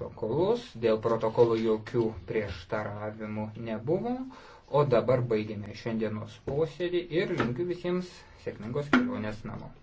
protokolus, dėl protokolo jokių prieštaravimų nebuvo, o dabar baigėme šiandienos posėdį ir linkiu visiems sėkmingos kelionės namo.